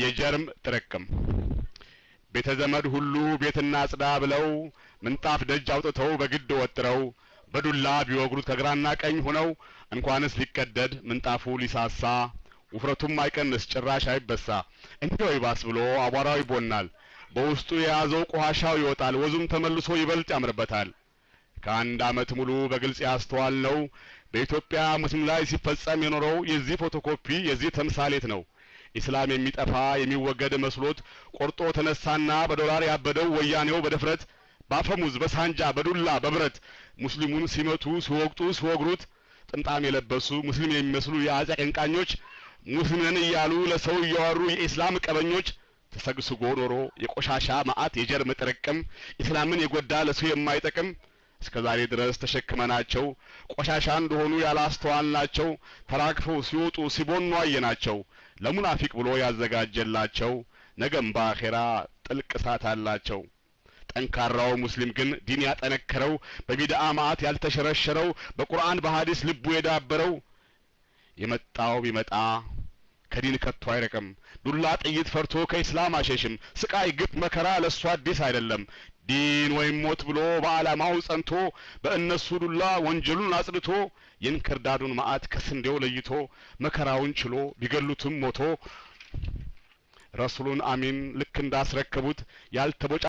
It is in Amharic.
የጀርም ጥርቅም ቤተ ዘመድ ሁሉ ቤትና ጽዳ ብለው ምንጣፍ ደጅ አውጥተው በግድ ወጥረው በዱላ ቢወግሩት ከግራና ቀኝ ሆነው እንኳንስ ሊቀደድ ምንጣፉ ሊሳሳ ውፍረቱም አይቀንስ ጭራሽ አይበሳ። እንዲያው ይባስ ብሎ አቧራው ይቦናል፣ በውስጡ የያዘው ቆሻሻው ይወጣል፣ ወዙም ተመልሶ ይበልጥ ያምርበታል። ከአንድ አመት ሙሉ በግልጽ ያስተዋል ነው በኢትዮጵያ ሙስሊም ላይ ሲፈጸም የኖረው የዚህ ፎቶኮፒ የዚህ ተምሳሌት ነው። ኢስላም የሚጠፋ የሚወገድ መስሎት ቆርጦ ተነሳና በዶላር ያበደው ወያኔው በድፍረት ባፈሙዝ፣ በሳንጃ፣ በዱላ፣ በብረት ሙስሊሙን ሲመቱ፣ ሲወቅጡ፣ ሲወግሩት ጥምጣም የለበሱ ሙስሊም የሚመስሉ የአጼ አቀንቃኞች ሙስሊምን እያሉ ለሰው እያወሩ የኢስላም ቀበኞች ተሰግስጎ ኖሮ የቆሻሻ መዓት የጀርም ጥርቅም ኢስላምን የጎዳ ለሰው የማይጠቅም እስከ ዛሬ ድረስ ተሸክመናቸው ቆሻሻ እንደሆኑ ያላስተዋልናቸው ተራግፈው ሲወጡ ሲቦኑ አየናቸው። ለሙናፊቅ ብሎ ያዘጋጀላቸው ነገም በአኼራ ጥልቅ እሳት አላቸው። ጠንካራው ሙስሊም ግን ዲን ያጠነከረው በቢድአ ማአት ያልተሸረሸረው በቁርአን በሐዲስ ልቡ የዳበረው የመጣው ቢመጣ ከዲን ከቶ አይርቅም። ዱላ ጥይት ፈርቶ ከኢስላም አሸሽም። ስቃይ፣ ግፍ፣ መከራ ለሱ አዲስ አይደለም። ዲን ወይም ሞት ብሎ በዓላማው ጸንቶ በእነሱ ዱላ ወንጀሉን አጽድቶ የእንክርዳዱን መዓት ከስንዴው ለይቶ መከራውን ችሎ ቢገሉትም ሞቶ ረሱሉን አሚን ልክ እንዳስረከቡት ያልተቦጫ